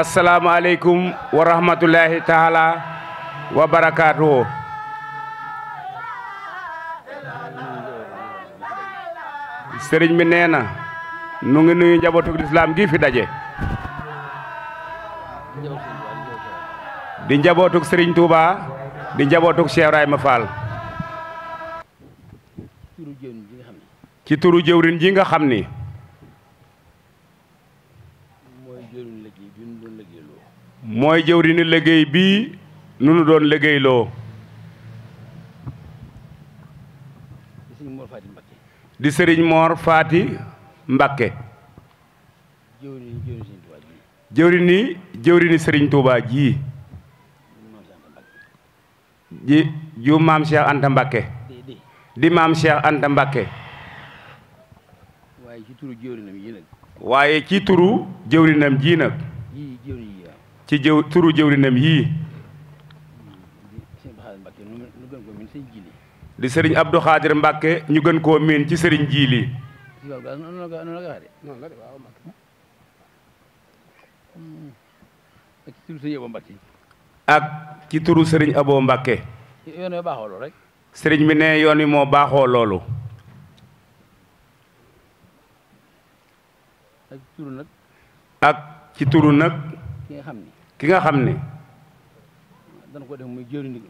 asalaamualeykum wa rahmatullahi taala wa barakaatuhu sëriñ bi neena na nu ngi nuyu njabootu lislaam gi fi daje di njabootuk sëriñ Touba di njabootuk Cheikh Ibrahima Fall ci turu jëwrin ji nga xam ni mooy jëwriñu liggéey bii nu doon liggéeyloo di sëriñ Mor Faati Mbakke jëwriñi jëwriñi sëriñ Tuubaa ji ji ju maam Cheikh Anta Mbakke di maam Cheikh Anta Mbakke waaye ci turu jëwrinam ji ci jëw turu jëwrinam yii di sëriñ Abdou Khadir Mbacke ñu gën koo miin ci sëriñ Jiili ak ci turu sëriñ Abo Mbacke sëriñ bi ne yoon wi moo baaxoo loolu ak ci turu nag ki xam ki nga xam ni dana ko def muy jëwriñu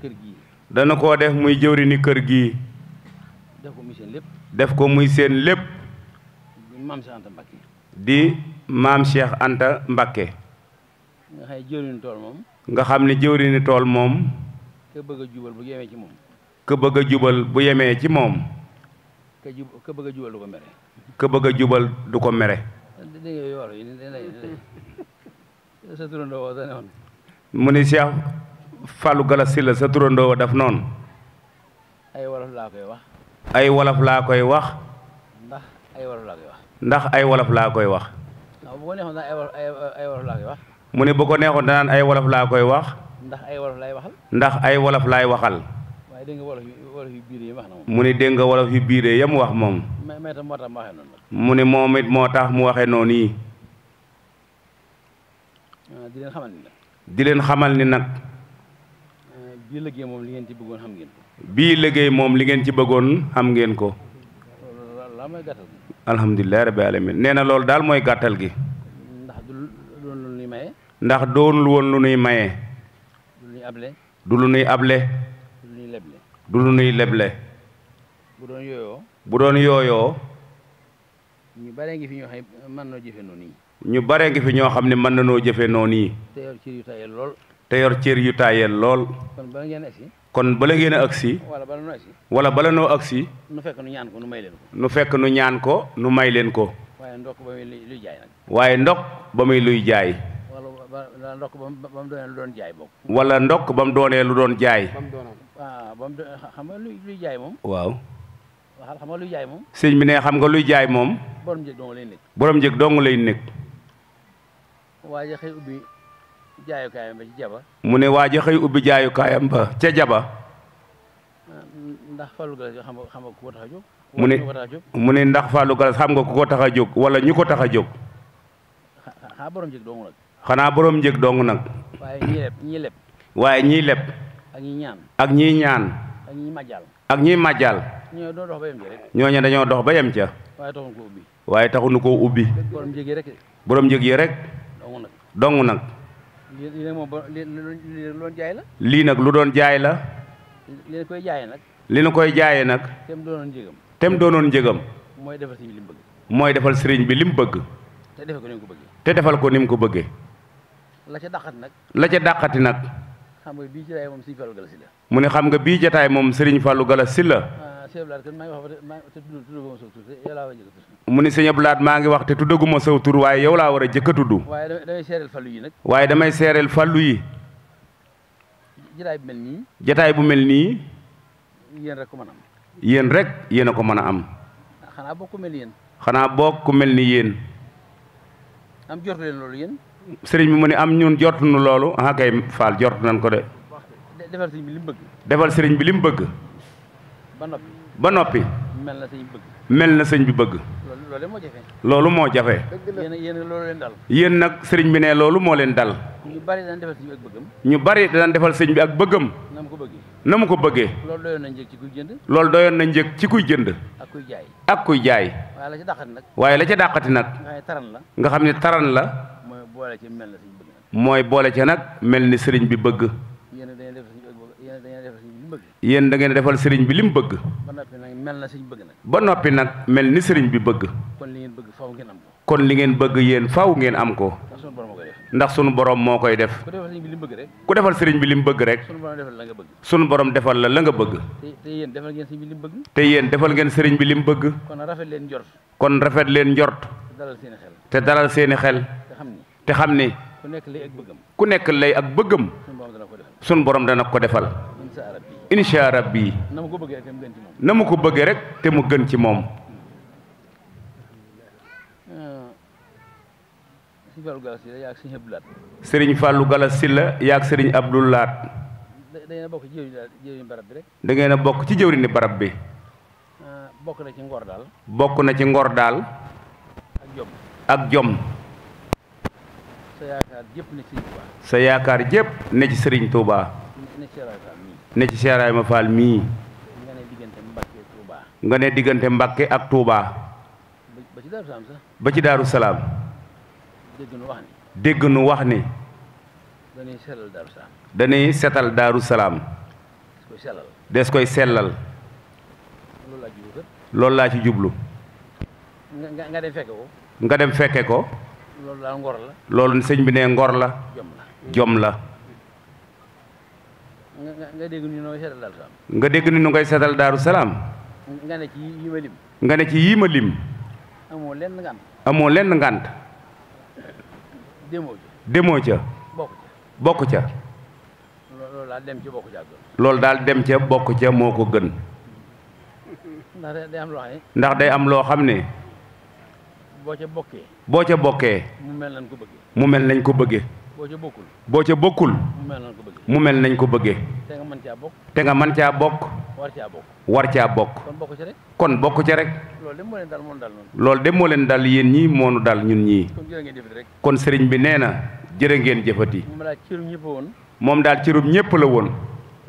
kër gii. dana ko def muy jëwriñu kër gii. def ko muy seen lépp. def ko muy séen lépp. di maam Cheikh Anta Mbakke. di maam Cheikh Anta Mbakke. nga xam ne jëwriñu tool nga xam ne jëwriñu tool moom. ka bëgg a jubal bu yemee ci moom. ka a jubal yemee ci moom. ka bëgg a jubal du ko mere. ka bëgg a jubal du ko mere. sa turandoo wa dane woon mu ni Cheikh Fallou Galass Syll sa turandoo wa daf noonu ay wolof laa koy wax ay wolof laa koy wax ay wolof laa ay wolof laa koy wax bu ko neexoon daan ay wax mu ni bu ko neexoon danaan ay wolof laa koy wax ndax ay wolof laay waxal ndax ay wolof laay waxal waaye dégg nga wolof yu biir yi wax na mu ni dégg nga wolof yu biir wax moom moo tax mu waxee noonu mu ni moom moo tax mu waxee noonu yi di leen xamal ni nag. di leen xamal ni nag. Eh, bii liggéey moom li ngeen ci bëggoon xam ngeen ko. bii liggéey moom li ngeen ci bëggoon xam ngeen ko. la rabbi alamin nee na loolu daal mooy gàttal gi. ndax du lu nuy maye. ndax doonul woon lu nuy maye. du lu nuy able. du lu nuy leble. du lu nuy leble. bu doon yooyoo. ñu bare ngi fi ñoo xam ne noo jëfe noonu nii. ñu bare ngi fi ñoo xam ne mën na noo jëfe noonu yi te cër yu lool te yor cër yu taayel lool kon bala ngeen agsi kon bala ngeen wala bala noo agsi wala nu fekk nu ñaan ko nu may leen ko fekk nu ñaan ko nu may leen ko waaye ndokk ba muy luy jaay nag waaye ndokk ba muy luy jaay wala ndokk ba mu doonee lu doon jaay bokk wala ndokk ba mu doonee lu doon jaay waaw ba ah, ah, xam nga luy jaay moom waaw xam nga jaay moom sëñ bi ne xam nga luy jaay moom borom njëg dong lay nekk borom njëg dong lay nekk waaja xëy ubbi jaayukaayam ba mu ne waaja xëy ubbi jaayukaayam ba ca jaba ndax Fallou xam nga ko tax mu ne mu ne ndax Fallou Galass xam nga ku ko tax a jóg wala ñu ko tax a jóg xanaa borom njëg dong nag xanaa borom njëg dong nag waaye ñii leb ñii ñii leb ak ñii ñaan ak ñii ñaan ak ñii màjjal ak ñii màjjal ñooñu dañoo dox ba yem ca waaye taxuñu koo koo ubbi borom njëg yi rek dong nag. lii nag lu doon jaay la. lii nag lu doon jaay la. li na koy jaayee nag. li na koy jaayee nag. tem doonoon njëgam. doonoon njëgam. mooy defal sëriñ bi li bëgg. mooy defal sëriñ bi li mu bëgg. te defal ko ni mu ko bëggee. te defal ko ni mu ko bëggee. la ca dàqati nag. la ca dàqati nag. xam nga bii jotaay moom sëriñ Fallou Galass mu ne xam nga bii jataay moom sëriñ Fallou gala la. Ah. mu ni sëñ Abdou Lahad maa ngi wax te tuddaguma saw tur waaye yow laa war a jëkk yi tudd waaye damay seereel fàllu yi jataay bu mel nii yéen rek ko mën a am yéen rek yéen a ko mën a am xanaa bokk ku mel ni yéen xanaa bokk ku mel ni yéen am jot leen loolu yéen bi mu ni am ñun jot nu loolu ah kay faal jot nañ ko de defal sëriñ bi li bëgg ba noppi. mel na sëñ bi bëgg. mel na sëñ bi bëgg. loolu moo jafe. loolu moo jafe. yéen loolu leen yéen nag sëriñ bi nee loolu moo leen dal. ñu bari daan ñu bari daan defal sëñ bi ak bëggam. na mu ko bëggee. na mu ko bëggee. loolu doyoon na njëg ci kuy jënd. loolu doyoon na njéeg ci kuy jënd. ak kuy jaay. ak kuy jaay. waaye la ca dàqati nag. waaye la ca dàqati nag. nga xam ne taran la. mooy boole ci mel na sëñ bëgg. mooy boole ci nag mel ni sëriñ bi bëgg. yéen da ngeen defal sëriñ bi li mu bëgg. ba noppi nag mel na sëriñ bëgg nag. ba noppi nag mel ni sëriñ bi bëgg. kon li ngeen bëgg faaw ngeen am kon li ngeen bëgg yéen faaw ngeen am ko. ndax sunu borom moo koy def. ku defal sëriñ bi li bëgg rek. ku defal sëriñ bi li mu bëgg rek. sunu borom defal la la nga bëgg. te yéen defal ngeen sëriñ bi li bëgg. te yéen sëriñ bi li mu bëgg. kon rafet leen njort. kon rafet leen njort. te dalal seeni xel. te xam ni. ku nekk lay ak bëggam. ku nekk lay ak bëggam. sunu borom dana ko defal incha rabbi na mu ko bëggee rek te mu gën ci moom eh, sëriñ fàllu Gala Silla yaag sëriñ Abdou laat da bokk ci jëwriñ barab bokk ci jëwriñ barab bi eh, bokk na ci ngor daal bokk na ci ngor daal ak jom ak jom sa yaakaar jépp ne sëriñ Touba yaakaar jépp ci sëriñ ne ci seeraay faal mii nga ne diggante Mbàkke ak Touba. ba ci Daaru Salaam dégg nu wax ni dañuy setal Daaru Salaam des koy sellal loolu laa ci jublu nga dem fekke ko nga dem fekke ko loolu sëñ bi ne ngor la jom la nga dégg ni ngay nga dégg ni ngay seetal daaru salaam. nga ne ci yii ma lim. nga ne ci yii ma lim. amoo lenn ngant. amoo lenn ngant. demoo ca. demoo ca. bokk ca bokk loolu daal dem ca bokk ca moo ko gën. ndax day am loo xam ne. ndax day am loo xam ne. boo ca bokkee. boo ca bokkee. mu mel nañ ko bëggee. mu nañ ko bëggee. boo ca bokkul boo ca bokkul mu mel nañ ko bëggee te nga mën caa bokk te nga mën caa bokk war caa bokk war caa bokk kon bokk ca rek loolu de moo leen dal yéen ñii moonu dal ñun ñii kon sëriñ bi nee na jërë ngeen jëfati moom daal cirub ñépp la woon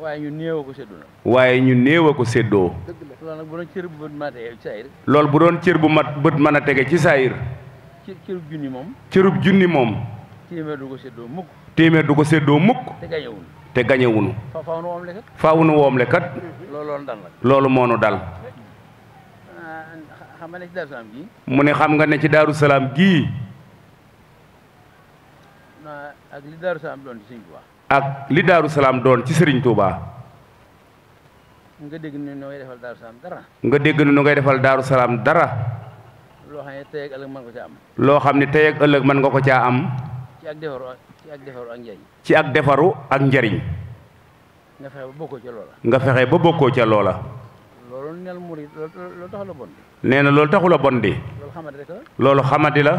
waaye ñu néew a ko seddoo waaye ñu néew a ko séddoo loolu bu doon cër bu mat bët mën a tege ci saayir cirub junni moom cirub junni moom téeméer du ko séddoo mukk. téeméer du ko séddoo mukk. te gañewunu te gañewunu faaw nu woomle kat. loolu moo nu dal. Ah, mu ne xam nga ne ci Daaru Salaam gii. ak li Daaru Salaam doon ci Sëriñ Tuubaa. li Daaru Salaam doon ci Sëriñ Tuubaa. nga dégg ni nu ngay defal Daaru Salaam dara. nga dégg loo xam ne tey ëllëg mën nga ko caa am. loo xam ne tey ëllëg mën nga ko caa am. ci ak defaru ak njariñ ci ak defaru ak njariñ nga fexe ba bokkoo ca loola nga fexe ba bokkoo ca loola loolu neel murid loolu taxu la nee na loolu taxu bon di loolu xamadi rek la loolu xamadi la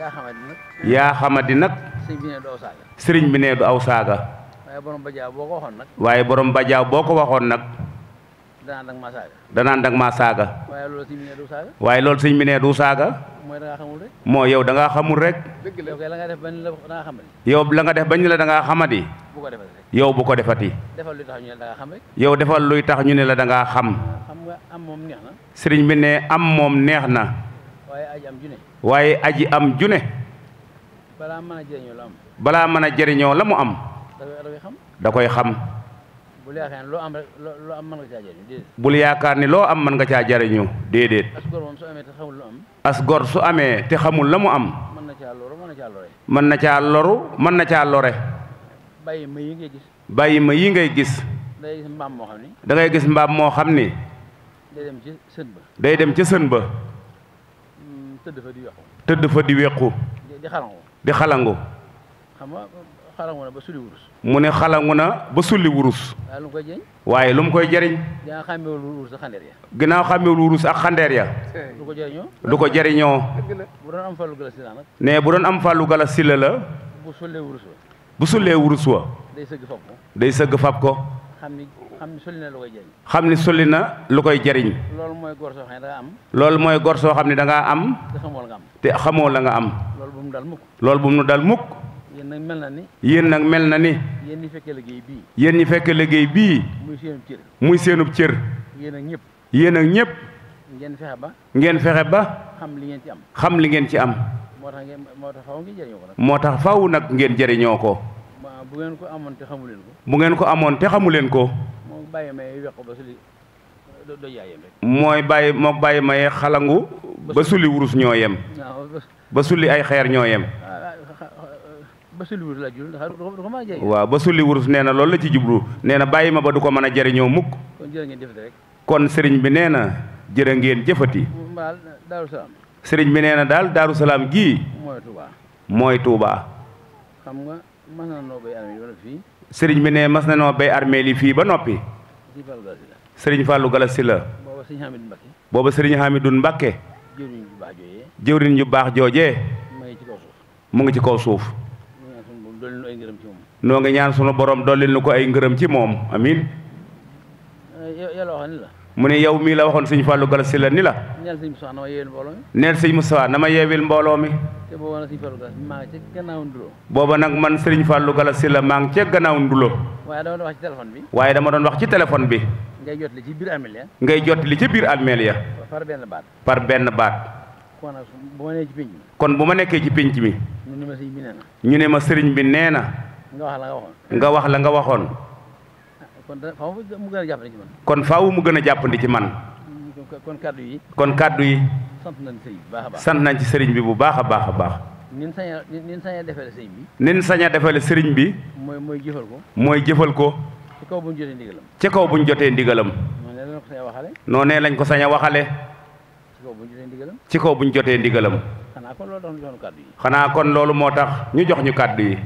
yaa xamadi nag yaa xamadi nag sëriñ bi nee du aw saaga waaye borom bajaaw boo ko waxoon nag waaye borom bajaaw boo ko waxoon nag danaan dag maa saaga. danaan dag waaye loolu sëñ bi nee du saaga. waaye moo yow da ngaa xamul rek. dëgg la yow yow la nga def bañ la da ngaa xamadi. bu ko defati yow bu ko defati. defal da xam rek. yow defal luy tax ñu ne la da ngaa am moom neex na. sëriñ bi ne am moom neex na. waaye aji am june. waaye balaa mën a jëriñoo la am. balaa mën a jëriñoo la mu am. da da koy xam. bul yaakaar ni loo am mën nga caa jariñu bul yaakaar ni loo am mën nga caa jariñu déedéet. as gor su amee te xamul la mu am. mën na caa loru mën na caa lore. mën na caa loru mën na caa lore. bàyyi ma yi ngay gis. bàyyi ma yi ngay gis. da ngay gis mbaam moo xam ni. da ngay gis mbaam moo xam ni. day dem ci sën ba. day dem ci sën ba. Mm, tëdd fa di wequ. di xalangu. xalangu na ba sulli wurus. mu ne xalangu na ba sulli wurus. waaye lu mu koy jëriñ. waaye lu mu koy jëriñ. ginnaaw xàmmewul wurus ak xandeer ya. ginnaaw xàmmewul wurus ak xandeer ya. du ko jëriñoo. du ko jëriñoo. bu doon am fàllu galas si la bu doon am fàllu galas si la la. bu sullee wurus wa. bu sullee wurus wa. day sëgg fab ko. day sëgg fab ko. xam ni xam ni sulli na lu koy jëriñ. xam ni sulli na lu koy jëriñ. loolu mooy gor soo xam ne da am. loolu mooy gor soo xam ne da ngaa am. te xamoo la nga am. loolu bu mu dal mukk. loolu bu mu dal mukk yéen nag mel na ni. yéen nag mel na ni. yéen ñi fekk liggéey bii. yéen ñi fekk liggéey bii. muy seenub cër. muy seenub cër. yéen ak ñëpp. yéen ak ñëpp. ngeen fexe ba. ngeen fexe ba. xam li ngeen ci am. xam li ngeen ci am. moo tax ngeen moo tax faaw ngeen nag. moo tax nag ngeen jëriñoo ko. bu ngeen ko amoon te xamu leen ko. bu ngeen ko amoon te xamu leen ko. moom bàyyi may weq ba suli doo yaayam mooy bàyyi moom bàyyi may xalangu. ba suli wurus ñoo yem. ba suli ay xeer ñoo yem. waaw ba sulli wurus nee na loolu la ci jublu nee na bàyyi ma ba du ko mën a jëriñoo mukk kon sëriñ bi nee na jërë ngeen jëfati sëriñ bi nee na daal daaru salaam gii mooy Touba. xam nga mas na noo bay armée fii. bi ne mas na noo bay yi fii ba noppi. sëriñ Fallou Galassi la. booba sëriñ Hamidou Mbacke. booba sëriñ baax joojee. mu ngi ci kaw suuf. ay ngërëm ci moom. noo ngi ñaan sunu borom dollil nu ko ay ngërëm ci moom amin euh, yàlla waxoon ni mu ne yow mii la waxoon sëñ Fallou Galass Sylla ni la. neel sëñ Moussa na ma yeewil mbooloo mi. neel sëñ mbooloo mi. te booba nag booba nag man sëñ Fallou Galass Sylla maa ca gannaaw ndulo. waaye dama doon wax ci téléphone bi. waaye dama doon wax ci téléphone bi. ngay jot li ci biir armeel ya. ngay jot li ci biir armeel ya. par benn baat. kon bu ma nekkee ci pénc mi ñu ne ma sëriñ bi nee na nga wax la nga waxoon kon faaw mu gën a jàppandi ci man kon kàddu yi kon kàddu yi sant nañ ci sëriñ bi bu baax a baax a baax nin sañ a nin sañ a defale sëriñ bi a defale sëriñ bi mooy mooy jëfal ko mooy jëfal ko ci kaw bu ñu jotee ndigalam kaw bu ñu jotee ndigalam noonee lañ ko sañ waxale ci kaw bu ñu jotee ndigalam. xanaa kon loolu moo tax ñu jox ñu kàddu yi.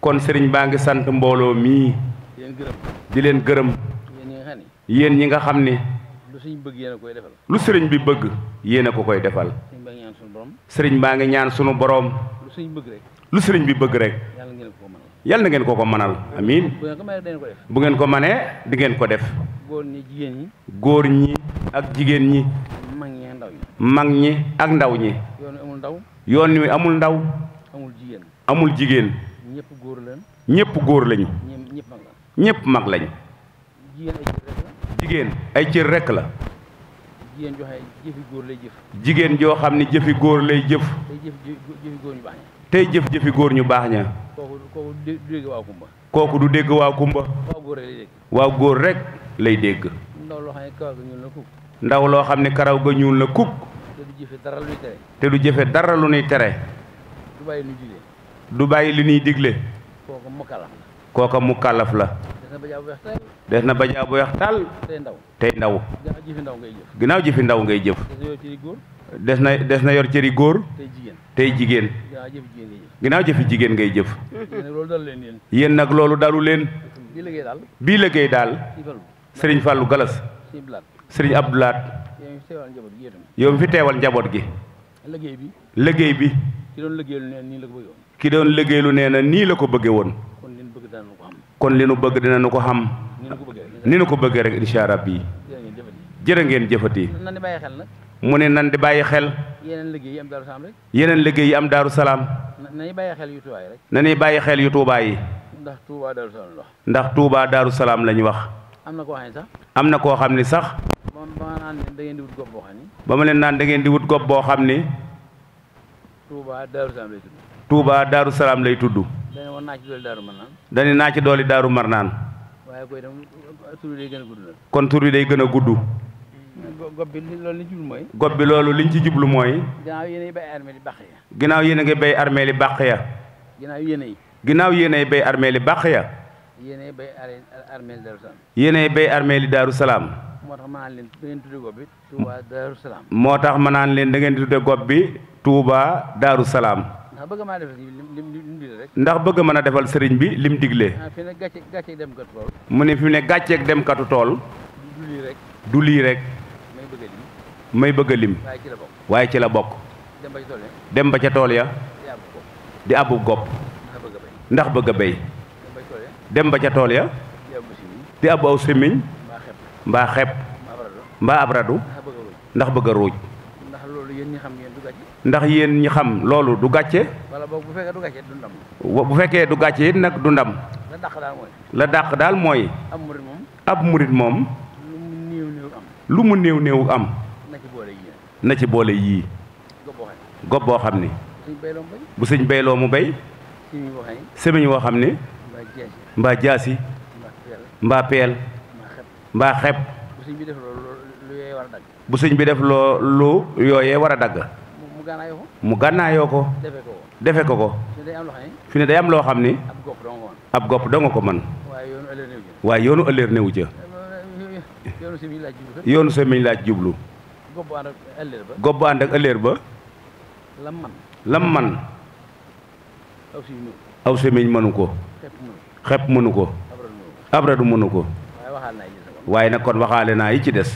kon sëriñ baa ngi sant mbooloo mii. di leen gërëm. yéen ñi nga xam ni. lu sëriñ bi bëgg yéen a ko koy defal. sëriñ baa ngi ñaan sunu boroom. lu sëriñ bi bëgg rek. yal na ngeen ko ko manal amiin bu ngeen ko manee di ngeen ko def góor ñi jigéen ñi góor ñi ak jigéen ñi mag ñi ak ndaw ñi mag yoon wi amul ndaw yoon wi amul ndaw amul jigéen amul jigéen ñëpp góor lañ ñépp góor lañ ñëpp mag lañ jigéen ay cër rekk la jigéen joo xam ne joo xam ne jëfi góor lay jëf tey jëf-jëfi góor ñu baax ña. kooku du dégg waa Kumba. kooku waa waaw góor rekk lay dégg. ndaw loo xam ne karaw ga ñuul na kukk. ndaw loo xam ne karaw ga ñuul na kukk. te du jëfe dara lu ñuy tere. du dara lu tere. bàyyi lu bàyyi li ñuy digle. kooka mu kàllaf la. kooka na bajaa bu weex tàll. tey ndaw tey jëfi ndaw ngay jëf. des na des na yor cëri góor tey jigéen ginnaaw jëfi jigéen ngay jëf yéen nag loolu dalu leen bii liggéey daal sëriñ fàllu Galas sëriñ Abdou yow mi fi teewal njaboot gi liggéey bi ki doon lu nee na nii la ko bëgge woon kon li nu bëgg dina nu ko xam ni nu ko bëggee rek incha allah bii jërë ngeen jëfati mu ne nan di bàyyi xel. yeneen liggéey yi am daaru salaam rek. yi am daaru salaam. na bàyyi xel yu tuubaa yi rek. na bàyyi xel yu tuubaa yi. ndax tuubaa daaru salaam la wax. daaru salaam la ñu wax. am na koo xam ne sax. am na koo xam ne sax. ba ma wut gopp boo xam ne. ba ma naan dangeen di wut gopp boo xam ne. tuubaa daaru salaam lay tudd. tuubaa daaru salaam lay tudd. dañu naa ci dooli daaru marnaan. dañu naa ci dooli daaru marnaan. waaye koy dem kon tur yi day gën a gudd. gob bi loolu liñ ci jublu mooy. gob bi loolu liñ ci jublu mooy. ginnaaw yéen a ngi bay armée ginnaaw yéen a ngi bay armée bàq ya. ginnaaw a yi. ginnaaw yéen bay armée li bàq ya. yéen a bay armée li Daaru bay armée li Daaru Salaam. moo tax ma naan leen da ngeen moo tax ma naan leen da ngeen tuddee gob bi Touba Daaru Salaam. ndax bëgg maa ndax bëgg mën a defal sëriñ bi lim digle. Ah, mu ne fi mu ne gàcceeg dem katu tool. du lii rek. du lii rek. may bëgg a lim waaye ci la bokk dem ba ca tool ya di abub gopp ndax bëgg a béy dem ba ca tool ya di abu aw simiñ mbaa xepp mbaa ab radu ndax bëgg a ruuj ndax yéen ñi xam loolu du gàcce bu fekkee du gàcce it nag du ndam la dàq daal mooy ab murit moom lu mu néew néew am na ci boole yii gob boo xam ni bu sëñ bayloo mu bay sëmiñ woo xam ni mbaa jaasi mbaa peel mbaa xeb bu sëñ bi def loo lu yooyee war a dagg mu gànnaayoo ko defe ko ko fi ne day am loo xam ni ab gopp doo nga ko man waaye yoonu ëllëg newu ca yoonu sëmiñ laaj jublu gob bu ànd ak ba. lam man lam man. aw si mënu ko. mënu ko. xepp mënu ko. abradu mënu ko. waaye nag kon waxaale naa yi ci des.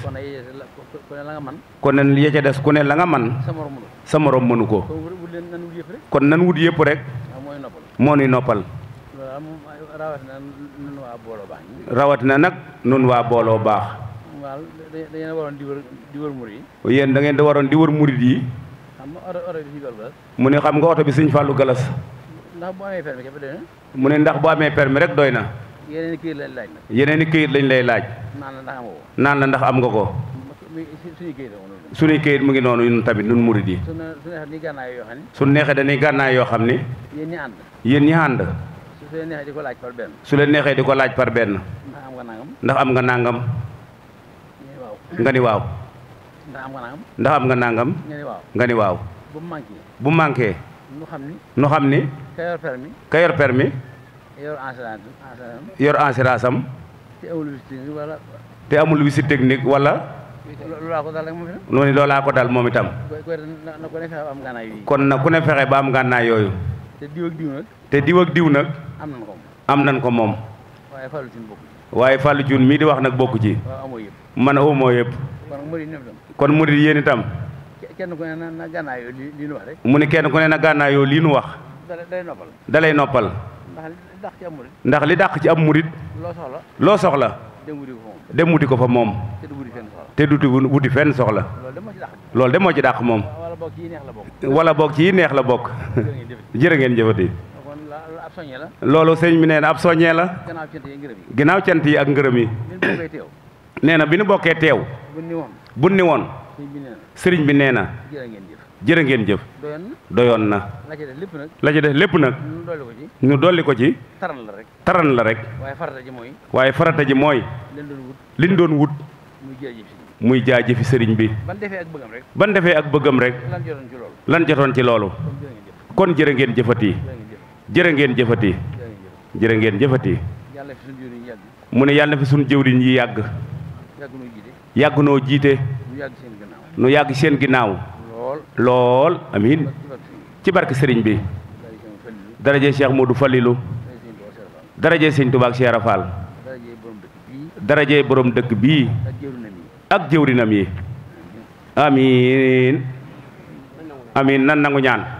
kon nan ya ca des ku ne la nga man sa mënu ko. kon nan wut yëpp rek. moo nuy noppal. rawatina nag nun waa booloo baax. waaw da ngeen waroon di da ngeen di waroon di wër murid yi. mu ne xam nga bi suñu Fallou Galas. ndax bu amee permis mu ne ndax bu amee permis rek doy na. yeneen i këyit lañ laaj i këyit lañ lay laaj. naan la ndax am nga ko. naan la ndax am nga ko. suñuy këyit suñuy mu ngi noonu ñun tamit ñun murid yi. su neexee dañuy gànnaay yoo xam ne. su neexee da gànnaay yoo xam ne. yéen ñi ànd. yéen ñi ànd. su leen neexee di ko laaj par benn. su neexee di ko laaj par benn. ndax am nga nangam. nga ni waaw. ndax am nga nangam. ndax am nga nangam. nga waaw bu manqué. bu manqué. nu xam ni. nu xam ni. ka yor permis. ka yor permis. te amul visite technique wala. te amul visite technique loolaa ko dal moom itam. kon na ku ne fexe ba am gànnaay yooyu. te diw ak diw nag. te am nan ko moom. am waaye Fallou Diouf mii di wax nag bokk ci. man awuma yëpp kon murid yéen tam kenn ku ne na gànnaayoo lii nu mu kenn ku ne na gànnaayoo lii nu wax dalay noppal ndax li dàq ci am murid loo soxla dem wuti ko fa moom te duti wuti fenn soxla loolu de moo ci dàq moom wala boog ci yi neex la bokk jërë ngeen jëfati loolu sëñ bi nee na ab soññee la ginnaaw cant yi ak ngërëm yi nee na bi nu bokkee teew. bu ni woon. sëriñ bi nee na. jërë ngeen jëf. doyoon na. la ci def lépp nag. la ci lépp nag. ñu dolli ko ci. taran la rek. taran la rek. waaye farata ji mooy. waaye farata ji mooy. liñ doon wut. muy jaajëfi sëriñ bi. ban defee ak bëggam rek. ban defee ak bëggam rek. lan jotoon ci loolu. lan jotoon ci loolu. kon jërë ngeen jëfati. jërë ngeen jëfati. jërë ngeen mu ne yàlla na fi sunu jëwriñ yi yàgg. yàgg noo jiite nu yàgg seen ginnaaw lool amin ci barke sëriñ bi daraje Cheikh Modou Falilou daraje sëñ Tuubaa ak Cheikh Rafal borom dëkk bii ak jëwrinam yi amin amin nan nangu ñaan